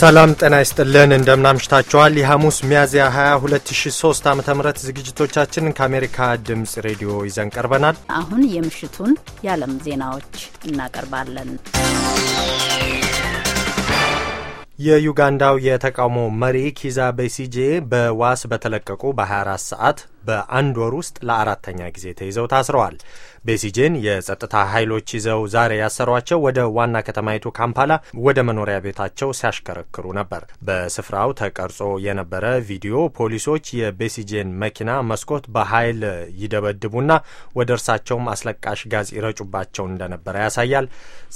ሰላም ጤና ይስጥልን። እንደምናምሽታችኋል። የሐሙስ ሚያዝያ 22 2003 ዓ ም ዝግጅቶቻችንን ከአሜሪካ ድምፅ ሬዲዮ ይዘን ቀርበናል። አሁን የምሽቱን የዓለም ዜናዎች እናቀርባለን። የዩጋንዳው የተቃውሞ መሪ ኪዛ በሲጄ በዋስ በተለቀቁ በ24 ሰዓት በአንድ ወር ውስጥ ለአራተኛ ጊዜ ተይዘው ታስረዋል። ቤሲጄን የጸጥታ ኃይሎች ይዘው ዛሬ ያሰሯቸው ወደ ዋና ከተማይቱ ካምፓላ ወደ መኖሪያ ቤታቸው ሲያሽከረክሩ ነበር። በስፍራው ተቀርጾ የነበረ ቪዲዮ ፖሊሶች የቤሲጄን መኪና መስኮት በኃይል ይደበድቡና ወደ እርሳቸውም አስለቃሽ ጋዝ ይረጩባቸው እንደነበረ ያሳያል።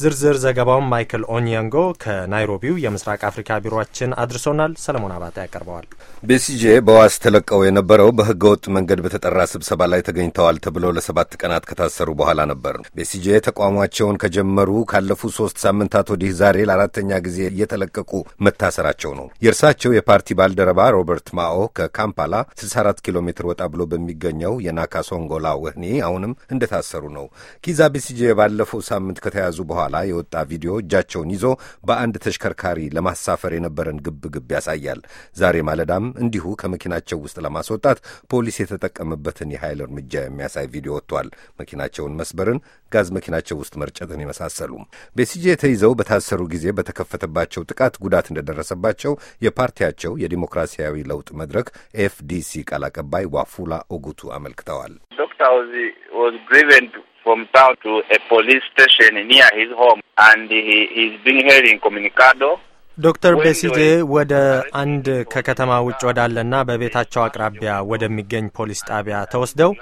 ዝርዝር ዘገባውን ማይክል ኦንየንጎ ከናይሮቢው የምስራቅ አፍሪካ ቢሮችን አድርሶናል። ሰለሞን አባተ ያቀርበዋል። ቤሲጄ በዋስ ተለቀው የነበረው በህገወጥ መንገድ በተጠራ ስብሰባ ላይ ተገኝተዋል ተብለው ለሰባት ቀናት ከታሰሩ በኋላ ነበር። ቤሲጄ ተቋማቸውን ከጀመሩ ካለፉ ሶስት ሳምንታት ወዲህ ዛሬ ለአራተኛ ጊዜ እየተለቀቁ መታሰራቸው ነው። የእርሳቸው የፓርቲ ባልደረባ ሮበርት ማኦ ከካምፓላ 64 ኪሎ ሜትር ወጣ ብሎ በሚገኘው የናካሶንጎላ ወህኒ አሁንም እንደታሰሩ ነው። ኪዛ ቤሲጄ ባለፈው ሳምንት ከተያዙ በኋላ የወጣ ቪዲዮ እጃቸውን ይዞ በአንድ ተሽከርካሪ ለማሳፈር የነበረን ግብግብ ያሳያል። ዛሬ ማለዳም እንዲሁ ከመኪናቸው ውስጥ ለማስወጣት ፖሊስ የተጠቀመበትን የኃይል እርምጃ የሚያሳይ ቪዲዮ ወጥቷል። መኪናቸውን መስበርን፣ ጋዝ መኪናቸው ውስጥ መርጨትን የመሳሰሉ ቤሲጄ ተይዘው በታሰሩ ጊዜ በተከፈተባቸው ጥቃት ጉዳት እንደደረሰባቸው የፓርቲያቸው የዲሞክራሲያዊ ለውጥ መድረክ ኤፍዲሲ ቃል አቀባይ ዋፉላ ኦጉቱ አመልክተዋል። ዶክተር ቤሲጄ ወደ አንድ ከከተማ ውጭ ወዳለና በቤታቸው አቅራቢያ ወደሚገኝ ፖሊስ ጣቢያ ተወስደው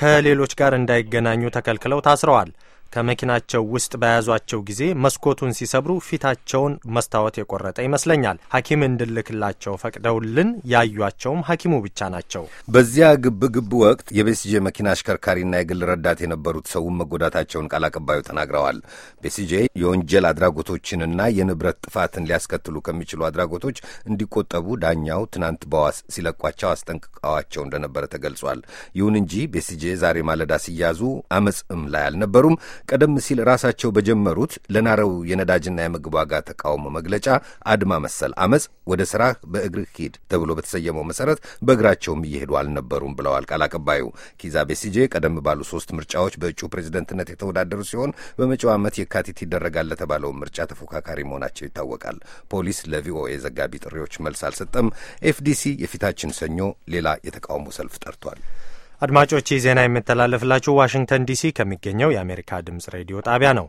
ከሌሎች ጋር እንዳይገናኙ ተከልክለው ታስረዋል። ከመኪናቸው ውስጥ በያዟቸው ጊዜ መስኮቱን ሲሰብሩ ፊታቸውን መስታወት የቆረጠ ይመስለኛል። ሐኪም እንድልክላቸው ፈቅደውልን ያዩቸውም ሐኪሙ ብቻ ናቸው። በዚያ ግብ ግብ ወቅት የቤሲጄ መኪና አሽከርካሪና የግል ረዳት የነበሩት ሰውም መጎዳታቸውን ቃል አቀባዩ ተናግረዋል። ቤሲጄ የወንጀል አድራጎቶችንና የንብረት ጥፋትን ሊያስከትሉ ከሚችሉ አድራጎቶች እንዲቆጠቡ ዳኛው ትናንት በዋስ ሲለቋቸው አስጠንቅቀዋቸው እንደነበረ ተገልጿል። ይሁን እንጂ ቤሲጄ ዛሬ ማለዳ ሲያዙ አመፅም ላይ አልነበሩም። ቀደም ሲል ራሳቸው በጀመሩት ለናረው የነዳጅና የምግብ ዋጋ ተቃውሞ መግለጫ አድማ መሰል አመፅ ወደ ስራህ በእግርህ ሂድ ተብሎ በተሰየመው መሰረት በእግራቸውም እየሄዱ አልነበሩም ብለዋል ቃል አቀባዩ። ኪዛ ቤሲጄ ቀደም ባሉ ሶስት ምርጫዎች በእጩ ፕሬዝደንትነት የተወዳደሩ ሲሆን በመጪው ዓመት የካቲት ይደረጋል ለተባለው ምርጫ ተፎካካሪ መሆናቸው ይታወቃል። ፖሊስ ለቪኦኤ ዘጋቢ ጥሪዎች መልስ አልሰጠም። ኤፍዲሲ የፊታችን ሰኞ ሌላ የተቃውሞ ሰልፍ ጠርቷል። አድማጮች ዜና የምተላለፍላችሁ ዋሽንግተን ዲሲ ከሚገኘው የአሜሪካ ድምጽ ሬዲዮ ጣቢያ ነው።